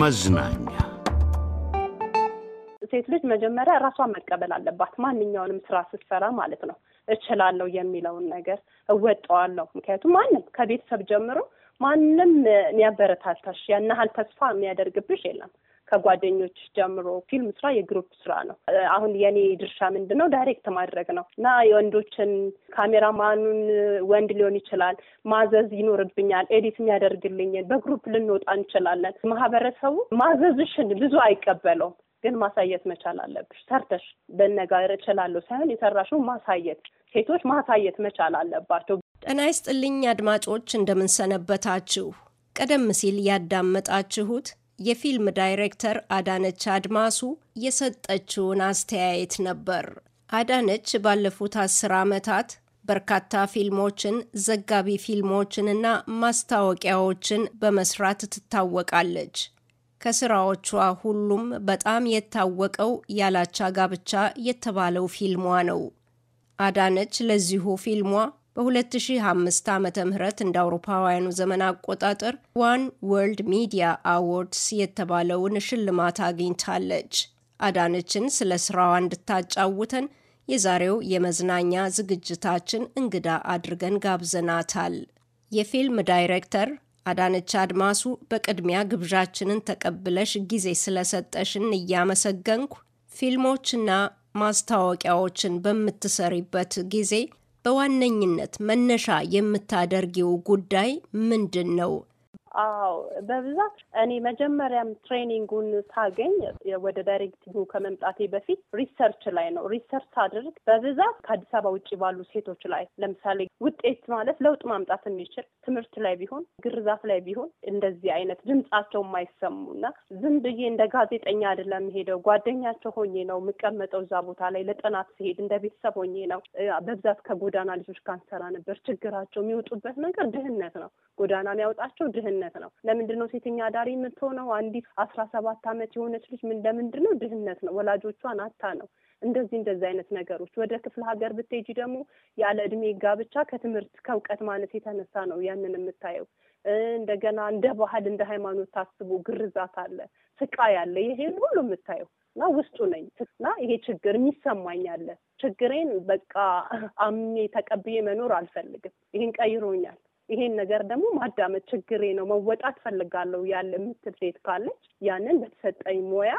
መዝናኛ ሴት ልጅ መጀመሪያ ራሷን መቀበል አለባት። ማንኛውንም ስራ ስትሰራ ማለት ነው። እችላለሁ የሚለውን ነገር እወጣዋለሁ። ምክንያቱም ማንም ከቤተሰብ ጀምሮ ማንም የሚያበረታታሽ ያን ያህል ተስፋ የሚያደርግብሽ የለም። ከጓደኞች ጀምሮ ፊልም ስራ የግሩፕ ስራ ነው። አሁን የኔ ድርሻ ምንድን ነው? ዳይሬክት ማድረግ ነው እና የወንዶችን ካሜራማኑን ወንድ ሊሆን ይችላል ማዘዝ ይኖርብኛል። ኤዲት የሚያደርግልኝን በግሩፕ ልንወጣ እንችላለን። ማህበረሰቡ ማዘዝሽን ብዙ አይቀበለውም። ግን ማሳየት መቻል አለብሽ። ሰርተሽ በነጋር እችላለሁ ሳይሆን የሰራሽው ማሳየት ሴቶች ማሳየት መቻል አለባቸው። ጤና ይስጥልኝ አድማጮች፣ እንደምንሰነበታችሁ። ቀደም ሲል ያዳመጣችሁት የፊልም ዳይሬክተር አዳነች አድማሱ የሰጠችውን አስተያየት ነበር። አዳነች ባለፉት አስር ዓመታት በርካታ ፊልሞችን፣ ዘጋቢ ፊልሞችንና ማስታወቂያዎችን በመስራት ትታወቃለች። ከስራዎቿ ሁሉም በጣም የታወቀው ያላቻ ጋብቻ የተባለው ፊልሟ ነው። አዳነች ለዚሁ ፊልሟ በ2005 ዓ ም እንደ አውሮፓውያኑ ዘመን አቆጣጠር ዋን ወርልድ ሚዲያ አዎርድስ የተባለውን ሽልማት አግኝታለች። አዳነችን ስለ ስራዋ እንድታጫውተን የዛሬው የመዝናኛ ዝግጅታችን እንግዳ አድርገን ጋብዘናታል። የፊልም ዳይሬክተር አዳነች አድማሱ፣ በቅድሚያ ግብዣችንን ተቀብለሽ ጊዜ ስለሰጠሽን እያመሰገንኩ ፊልሞችና ማስታወቂያዎችን በምትሰሪበት ጊዜ በዋነኝነት መነሻ የምታደርጊው ጉዳይ ምንድን ነው? አዎ በብዛት እኔ መጀመሪያም ትሬኒንጉን ሳገኝ ወደ ዳይሬክቲቭ ከመምጣቴ በፊት ሪሰርች ላይ ነው። ሪሰርች ሳድርግ በብዛት ከአዲስ አበባ ውጭ ባሉ ሴቶች ላይ ለምሳሌ ውጤት ማለት ለውጥ ማምጣት የሚችል ትምህርት ላይ ቢሆን፣ ግርዛት ላይ ቢሆን እንደዚህ አይነት ድምጻቸው እና ዝም ብዬ እንደ ጋዜጠኛ አይደለም ሄደው ጓደኛቸው ሆኜ ነው የምቀመጠው እዛ ቦታ ላይ ለጥናት ሲሄድ እንደ ቤተሰብ ሆኜ ነው። በብዛት ከጎዳና ልጆች ጋር እንሰራ ነበር። ችግራቸው የሚወጡበት ነገር ድህነት ነው። ጎዳና የሚያወጣቸው ድህነት ድህነት ነው። ለምንድን ነው ሴተኛ አዳሪ የምትሆነው? አንዲት አስራ ሰባት አመት የሆነች ልጅ ለምንድን ነው? ድህነት ነው። ወላጆቿን አታ ነው። እንደዚህ እንደዚህ አይነት ነገሮች ወደ ክፍለ ሀገር ብትሄጂ ደግሞ ያለ እድሜ ጋብቻ ከትምህርት ከእውቀት ማነት የተነሳ ነው ያንን የምታየው። እንደገና እንደ ባህል እንደ ሃይማኖት ታስቦ ግርዛት አለ፣ ስቃይ አለ። ይሄን ሁሉ የምታየው እና ውስጡ ነኝ እና ይሄ ችግር የሚሰማኝ አለ። ችግሬን በቃ አምኜ ተቀብዬ መኖር አልፈልግም። ይህን ቀይሮኛል። ይሄን ነገር ደግሞ ማዳመጥ ችግሬ ነው መወጣት ፈልጋለሁ ያለ የምትል ሴት ካለች ያንን በተሰጠኝ ሙያ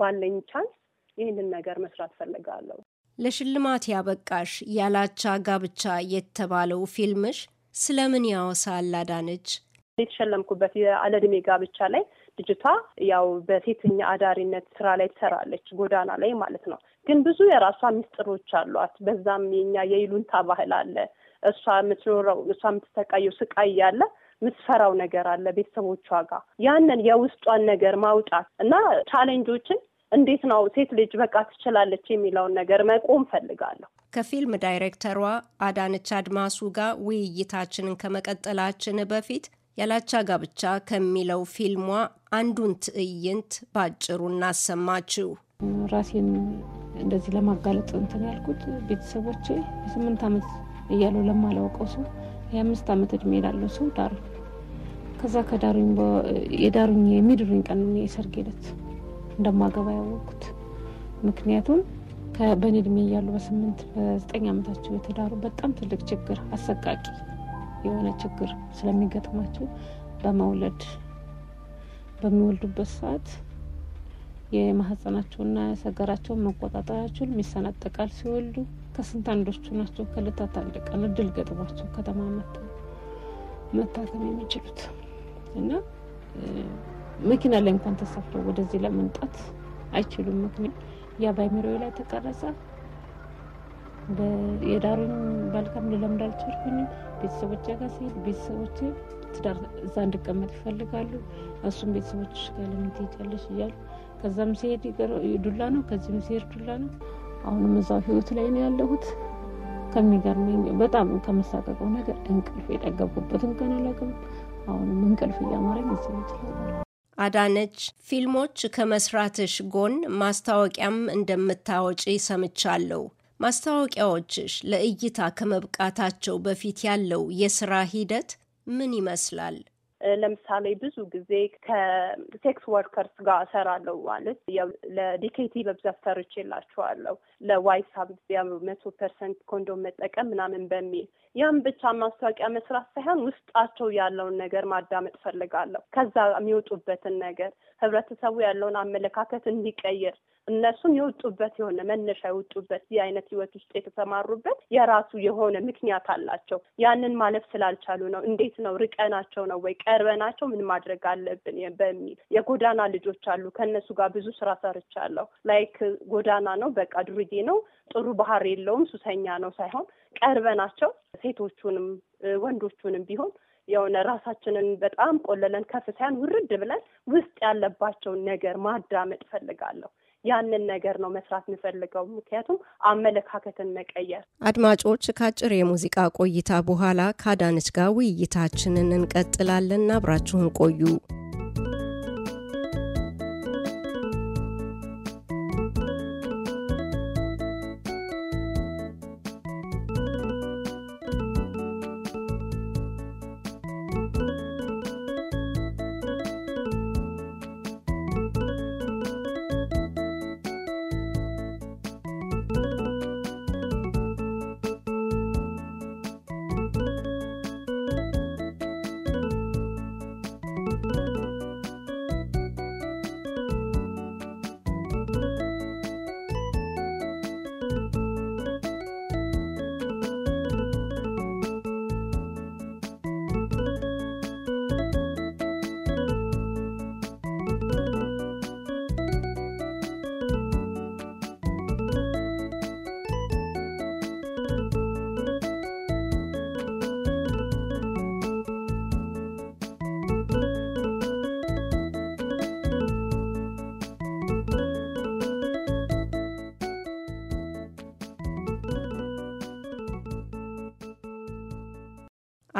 ባለኝ ቻንስ ይህንን ነገር መስራት ፈልጋለሁ። ለሽልማት ያበቃሽ ያላቻ ጋብቻ የተባለው ፊልምሽ ስለምን ያወሳል? አዳነች የተሸለምኩበት የአለዕድሜ ጋብቻ ላይ ልጅቷ ያው በሴተኛ አዳሪነት ስራ ላይ ትሰራለች፣ ጎዳና ላይ ማለት ነው። ግን ብዙ የራሷ ሚስጥሮች አሏት። በዛም የኛ የይሉንታ ባህል አለ። እሷ የምትኖረው እሷ የምትሰቃየው ስቃይ ያለ የምትፈራው ነገር አለ ቤተሰቦቿ ጋር ያንን የውስጧን ነገር ማውጣት እና ቻሌንጆችን እንዴት ነው ሴት ልጅ በቃ ትችላለች የሚለውን ነገር መቆም ፈልጋለሁ። ከፊልም ዳይሬክተሯ አዳነች አድማሱ ጋር ውይይታችንን ከመቀጠላችን በፊት ያላቻ ጋብቻ ከሚለው ፊልሟ አንዱን ትዕይንት ባጭሩ እናሰማችው። ራሴን እንደዚህ ለማጋለጥ እንትን ያልኩት ቤተሰቦቼ የስምንት ዓመት እያሉ ለማላውቀው ሰው የአምስት ዓመት እድሜ ላለው ሰው ዳሩ። ከዛ ከዳሩኝ የዳሩኝ የሚድሩኝ ቀን የሰርግ ሄደት እንደማገባ ያወቅኩት። ምክንያቱም በእኔ እድሜ እያሉ በስምንት በዘጠኝ ዓመታቸው የተዳሩ በጣም ትልቅ ችግር አሰቃቂ የሆነ ችግር ስለሚገጥማቸው በመውለድ በሚወልዱበት ሰዓት የማህፀናቸውና ሰገራቸውን መቆጣጠራቸውን ይሰነጠቃል ሲወልዱ ከስንት አንዶቹ ናቸው ከልታ ታልቀን እድል ገጥሟቸው ከተማ መታከም የሚችሉት እና መኪና ላይ እንኳን ተሳፍረው ወደዚህ ለመምጣት አይችሉም። ምክንያት ያ በአእምሮዬ ላይ ተቀረጸ። የዳሩን ባልካም ልለምድ አልቻልኩኝም። ቤተሰቦች ጋር ሲሄድ ቤተሰቦቼ ትዳር እዛ እንድቀመጥ ይፈልጋሉ። እሱም ቤተሰቦች ጋር ለምን ትሄጃለሽ እያሉ ከዛም ሲሄድ ዱላ ነው፣ ከዚህም ሲሄድ ዱላ ነው። አሁንም እዛው ህይወት ላይ ነው ያለሁት። ከሚገርመኝ በጣም ከምሳቀቀው ነገር እንቅልፍ የጠገብኩበትን ቀን አላውቅም። አሁንም እንቅልፍ እያማረኝ ይችላል። አዳነች ፊልሞች ከመስራትሽ ጎን ማስታወቂያም እንደምታወጪ ሰምቻለሁ። ማስታወቂያዎችሽ ለእይታ ከመብቃታቸው በፊት ያለው የስራ ሂደት ምን ይመስላል? ለምሳሌ ብዙ ጊዜ ከሴክስ ወርከርስ ጋር እሰራለሁ ማለት ለዲኬቲ በብዛት ሰርቼላችኋለሁ። ለዋይት ሳቢያ መቶ ፐርሰንት ኮንዶም መጠቀም ምናምን በሚል ያም ብቻ ማስታወቂያ መስራት ሳይሆን ውስጣቸው ያለውን ነገር ማዳመጥ ፈልጋለሁ። ከዛ የሚወጡበትን ነገር ህብረተሰቡ ያለውን አመለካከት እንዲቀይር እነሱም የወጡበት የሆነ መነሻ የወጡበት ይህ አይነት ህይወት ውስጥ የተሰማሩበት የራሱ የሆነ ምክንያት አላቸው። ያንን ማለፍ ስላልቻሉ ነው። እንዴት ነው ርቀናቸው ነው ወይ ቀርበናቸው ምን ማድረግ አለብን በሚል የጎዳና ልጆች አሉ። ከእነሱ ጋር ብዙ ስራ ሰርቻለሁ። ላይክ ጎዳና ነው በቃ ዱርዬ ነው፣ ጥሩ ባህር የለውም፣ ሱሰኛ ነው ሳይሆን ቀርበናቸው ሴቶቹንም ወንዶቹንም ቢሆን የሆነ ራሳችንን በጣም ቆለለን ከፍ ሳይሆን ውርድ ብለን ውስጥ ያለባቸውን ነገር ማዳመጥ ፈልጋለሁ። ያንን ነገር ነው መስራት የምፈልገው። ምክንያቱም አመለካከትን መቀየር። አድማጮች፣ ከአጭር የሙዚቃ ቆይታ በኋላ ከአዳነች ጋር ውይይታችንን እንቀጥላለን። አብራችሁን ቆዩ።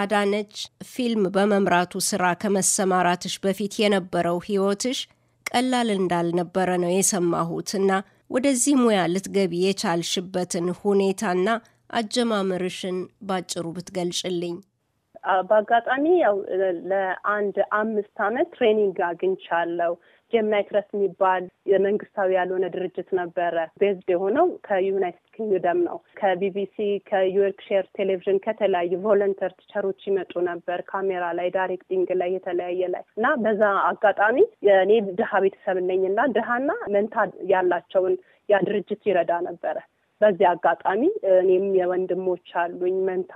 አዳነች ፊልም በመምራቱ ስራ ከመሰማራትሽ በፊት የነበረው ህይወትሽ ቀላል እንዳልነበረ ነው የሰማሁት እና ወደዚህ ሙያ ልትገቢ የቻልሽበትን ሁኔታና አጀማመርሽን ባጭሩ ብትገልጭልኝ። በአጋጣሚ ያው ለአንድ አምስት አመት ትሬኒንግ አግኝቻለሁ። ጀማይ ትረስ የሚባል የመንግስታዊ ያልሆነ ድርጅት ነበረ። ቤዝድ የሆነው ከዩናይትድ ኪንግደም ነው። ከቢቢሲ ከዮርክሼር ቴሌቪዥን ከተለያዩ ቮለንተር ቲቸሮች ይመጡ ነበር። ካሜራ ላይ፣ ዳይሬክቲንግ ላይ፣ የተለያየ ላይ እና በዛ አጋጣሚ እኔ ድሃ ቤተሰብ ነኝ እና ድሃና መንታ ያላቸውን ያ ድርጅት ይረዳ ነበረ። በዚህ አጋጣሚ እኔም የወንድሞች አሉኝ መንታ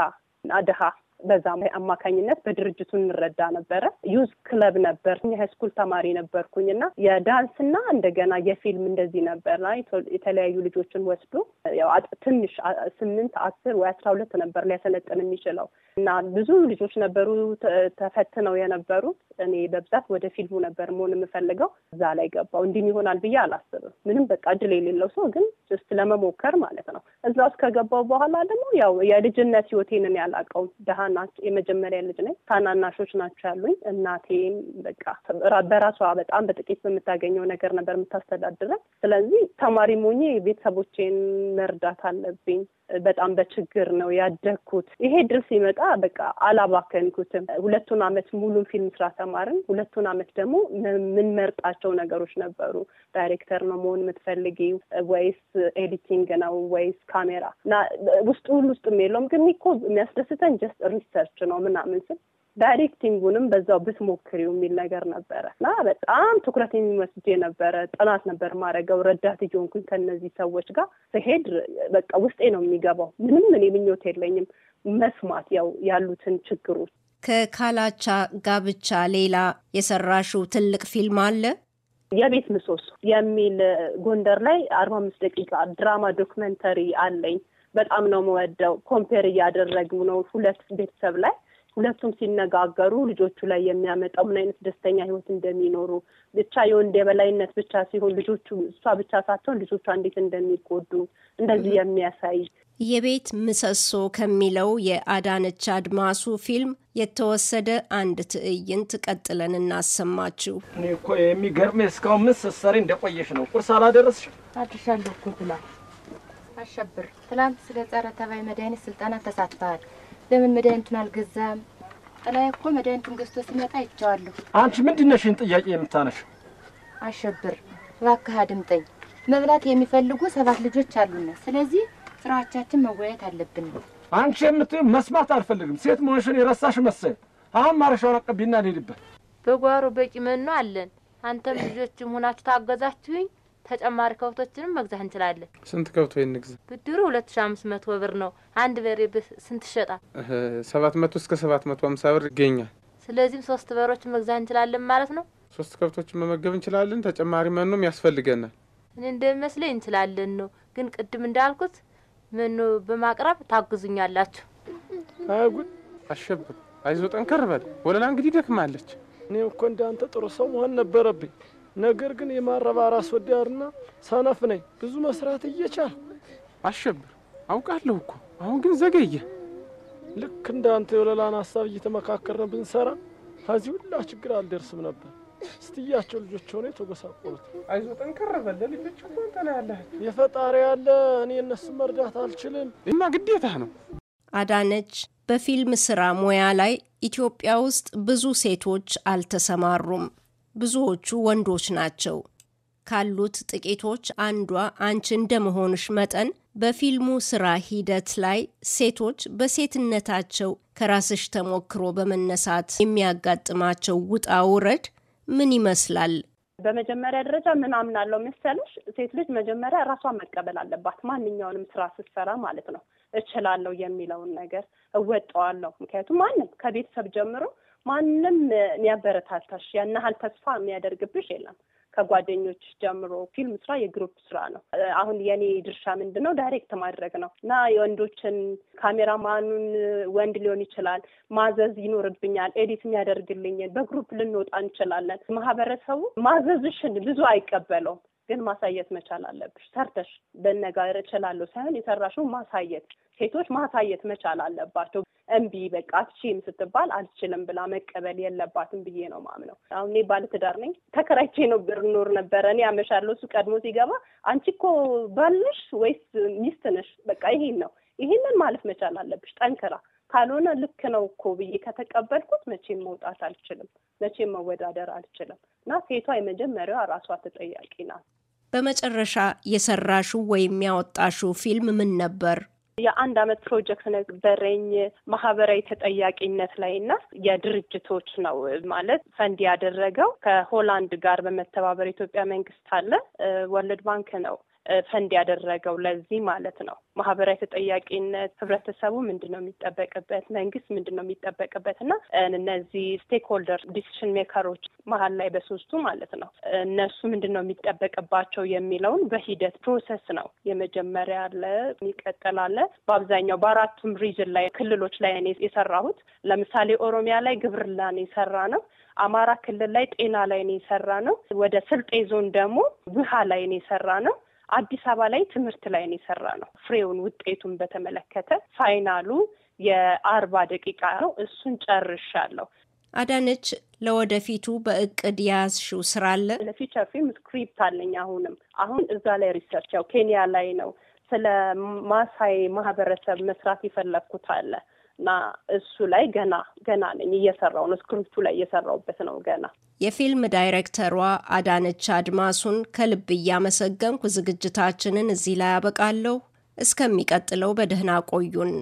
እና ድሀ በዛ አማካኝነት በድርጅቱ እንረዳ ነበረ። ዩዝ ክለብ ነበር። የሃይስኩል ተማሪ ነበርኩኝ እና የዳንስና እንደገና የፊልም እንደዚህ ላይ የተለያዩ ልጆችን ወስዶ ያው ትንሽ ስምንት አስር ወይ አስራ ሁለት ነበር ሊያሰለጥን የሚችለው እና ብዙ ልጆች ነበሩ ተፈትነው የነበሩት። እኔ በብዛት ወደ ፊልሙ ነበር መሆን የምፈልገው። እዛ ላይ ገባው። እንዲህ ይሆናል ብዬ አላስብም። ምንም በቃ እድል የሌለው ሰው ግን ስ ለመሞከር ማለት ነው። እዛ ውስጥ ከገባው በኋላ ደግሞ ያው የልጅነት ህይወቴንን ያላቀው ደሃ ታናሽ የመጀመሪያ ልጅ ነኝ። ታናናሾች ናቸው ያሉኝ። እናቴም በቃ በራሷ በጣም በጥቂት በምታገኘው ነገር ነበር የምታስተዳድረን። ስለዚህ ተማሪ ሞኜ ቤተሰቦቼን መርዳት አለብኝ። በጣም በችግር ነው ያደግኩት። ይሄ ድል ሲመጣ በቃ አላባከንኩትም። ሁለቱን አመት ሙሉን ፊልም ስራ ተማርን። ሁለቱን አመት ደግሞ የምንመርጣቸው ነገሮች ነበሩ። ዳይሬክተር ነው መሆን የምትፈልጊ ወይስ ኤዲቲንግ ነው ወይስ ካሜራ? እና ውስጡ ሁሉ ውስጥ የለውም ግን እኮ የሚያስደስተን ጀስት ሪሰርች ነው ምናምን ስል ዳይሬክቲንጉንም በዛው ብትሞክሪው የሚል ነገር ነበረ እና በጣም ትኩረት የሚመስጄ ነበረ። ጥናት ነበር ማድረገው ረዳት እየሆንኩኝ ከነዚህ ሰዎች ጋር ስሄድ በቃ ውስጤ ነው የሚገባው። ምንም እኔ ምኞት የለኝም መስማት ያው ያሉትን ችግሮች። ከካላቻ ጋብቻ ሌላ የሰራሽው ትልቅ ፊልም አለ። የቤት ምሰሶ የሚል ጎንደር ላይ አርባ አምስት ደቂቃ ድራማ ዶክመንተሪ አለኝ። በጣም ነው የምወደው። ኮምፔር እያደረግም ነው ሁለት ቤተሰብ ላይ ሁለቱም ሲነጋገሩ ልጆቹ ላይ የሚያመጣው ምን አይነት ደስተኛ ህይወት እንደሚኖሩ ብቻ የወንድ የበላይነት ብቻ ሲሆን ልጆቹ እሷ ብቻ ሳትሆን ልጆቿ እንዴት እንደሚጎዱ እንደዚህ የሚያሳይ የቤት ምሰሶ ከሚለው የአዳነች አድማሱ ፊልም የተወሰደ አንድ ትዕይንት ቀጥለን እናሰማችሁ። እኔ እኮ የሚገርምህ እስካሁን ምን ስትሰሪ እንደቆየሽ ነው። ቁርስ አላደረስሽ? አድርሻለሁ እኮ ብላ አሸብር ትናንት ስለ ጸረ ተባይ መድኃኒት ስልጠና ተሳትፈሃል። ለምን መድኃኒቱን አልገዛም? ጥላዬ እኮ መድኃኒቱን ገዝቶ ሲመጣ አይቼዋለሁ። አንቺ ምንድነሽን ጥያቄ የምታነሺው? አሸብር እባክህ አድምጠኝ። መብላት የሚፈልጉ ሰባት ልጆች አሉና ስለዚህ ስራዎቻችን መወያየት አለብን። አንቺ የምትይው መስማት አልፈልግም። ሴት መሆንሽን የረሳሽ መሰል። አሁን ማረሻውን አቀቢና እንሄድበት። በጓሮ በቂ መኖ አለን። አንተም ልጆችም ሆናችሁ ታገዛችሁኝ ተጨማሪ ከብቶችንም መግዛት እንችላለን። ስንት ከብት ወይ እንግዛ? ብድሩ ሁለት ሺ አምስት መቶ ብር ነው። አንድ በሬ ስንት ይሸጣል? ሰባት መቶ እስከ ሰባት መቶ ሀምሳ ብር ይገኛል። ስለዚህም ሶስት በሮችን መግዛት እንችላለን ማለት ነው። ሶስት ከብቶችን መመገብ እንችላለን። ተጨማሪ መኖም ያስፈልገናል። እኔ እንደሚመስለኝ እንችላለን ነው፣ ግን ቅድም እንዳልኩት መኖ በማቅረብ ታግዙኛላችሁ። አይጉድ አሸብር አይዞ ጠንከር በል ወለላ እንግዲህ ደክማለች። እኔ እኮ እንዳንተ ጥሩ ሰው መሆን ነበረብኝ። ነገር ግን የማረባ ራስ ወዳድና ሰነፍ ነኝ። ብዙ መስራት እየቻል አሸብር አውቃለሁ እኮ አሁን ግን ዘገየ። ልክ እንዳንተ የወለላን ሀሳብ እየተመካከርን ብንሰራ ከዚህ ሁላ ችግር አልደርስም ነበር። ስትያቸው ልጆች ሆነ የተጎሳቆሉት። አይዞ ጠንከር በል ለልጆች እንኳን ተና ያለ የፈጣሪ ያለ እኔ እነሱን መርዳት አልችልም እና ግዴታ ነው። አዳነች በፊልም ስራ ሙያ ላይ ኢትዮጵያ ውስጥ ብዙ ሴቶች አልተሰማሩም። ብዙዎቹ ወንዶች ናቸው። ካሉት ጥቂቶች አንዷ አንቺ እንደመሆንሽ መጠን በፊልሙ ስራ ሂደት ላይ ሴቶች በሴትነታቸው ከራስሽ ተሞክሮ በመነሳት የሚያጋጥማቸው ውጣ ውረድ ምን ይመስላል? በመጀመሪያ ደረጃ ምን አምናለው መሰለሽ፣ ሴት ልጅ መጀመሪያ ራሷን መቀበል አለባት። ማንኛውንም ስራ ስትሰራ ማለት ነው። እችላለሁ የሚለውን ነገር እወጣዋለሁ። ምክንያቱም ማንም ከቤተሰብ ጀምሮ ማንም የሚያበረታታሽ ያን ያህል ተስፋ የሚያደርግብሽ የለም። ከጓደኞች ጀምሮ ፊልም ስራ የግሩፕ ስራ ነው። አሁን የኔ ድርሻ ምንድን ነው? ዳይሬክት ማድረግ ነው እና የወንዶችን ካሜራማኑን ወንድ ሊሆን ይችላል ማዘዝ ይኖርብኛል። ኤዲት የሚያደርግልኝን በግሩፕ ልንወጣ እንችላለን። ማህበረሰቡ ማዘዝሽን ብዙ አይቀበለውም። ግን ማሳየት መቻል አለብሽ። ሰርተሽ በነጋር እችላለሁ ሳይሆን የሰራሽው ማሳየት ሴቶች ማሳየት መቻል አለባቸው። እምቢ በቃ አትችይም ስትባል አልችልም ብላ መቀበል የለባትም ብዬ ነው ማምነው። አሁን እኔ ባለትዳር ነኝ። ተከራይቼ ነው ብር ኖር ነበረ። እኔ አመሻለሁ፣ እሱ ቀድሞ ሲገባ አንቺ እኮ ባልሽ ወይስ ሚስት ነሽ? በቃ ይሄን ነው ይሄንን ማለፍ መቻል አለብሽ ጠንክራ ካልሆነ ልክ ነው እኮ ብዬ ከተቀበልኩት መቼም መውጣት አልችልም፣ መቼም መወዳደር አልችልም እና ሴቷ የመጀመሪያዋ ራሷ ተጠያቂ ናት። በመጨረሻ የሰራሹ ወይም ያወጣሹ ፊልም ምን ነበር? የአንድ አመት ፕሮጀክት ነበረኝ ማህበራዊ ተጠያቂነት ላይ እና የድርጅቶች ነው ማለት ፈንድ ያደረገው ከሆላንድ ጋር በመተባበር ኢትዮጵያ መንግስት አለ ወርልድ ባንክ ነው ፈንድ ያደረገው ለዚህ ማለት ነው። ማህበራዊ ተጠያቂነት ህብረተሰቡ ምንድን ነው የሚጠበቅበት፣ መንግስት ምንድን ነው የሚጠበቅበት እና እነዚህ ስቴክሆልደር ዲሲሽን ሜከሮች መሀል ላይ በሶስቱ ማለት ነው እነሱ ምንድን ነው የሚጠበቅባቸው የሚለውን በሂደት ፕሮሰስ ነው የመጀመሪያ አለ የሚቀጥል አለ። በአብዛኛው በአራቱም ሪጅን ላይ ክልሎች ላይ እኔ የሰራሁት ለምሳሌ ኦሮሚያ ላይ ግብርላ ነው የሰራ ነው። አማራ ክልል ላይ ጤና ላይ ነው የሰራ ነው። ወደ ስልጤ ዞን ደግሞ ውሃ ላይ ነው የሰራ ነው። አዲስ አበባ ላይ ትምህርት ላይ ነው የሰራ ነው። ፍሬውን ውጤቱን በተመለከተ ፋይናሉ የአርባ ደቂቃ ነው። እሱን ጨርሻለሁ። አዳነች፣ ለወደፊቱ በእቅድ የያዝሽው ስራ አለ? ለፊቸር ፊልም ስክሪፕት አለኝ። አሁንም አሁን እዛ ላይ ሪሰርች ያው ኬንያ ላይ ነው። ስለ ማሳይ ማህበረሰብ መስራት የፈለግኩት አለ እና እሱ ላይ ገና ገና ነኝ እየሰራው ነው። ስክሪፕቱ ላይ እየሰራውበት ነው ገና የፊልም ዳይሬክተሯ አዳነች አድማሱን ከልብ እያመሰገንኩ ዝግጅታችንን እዚህ ላይ አበቃለሁ። እስከሚቀጥለው በደህና ቆዩን።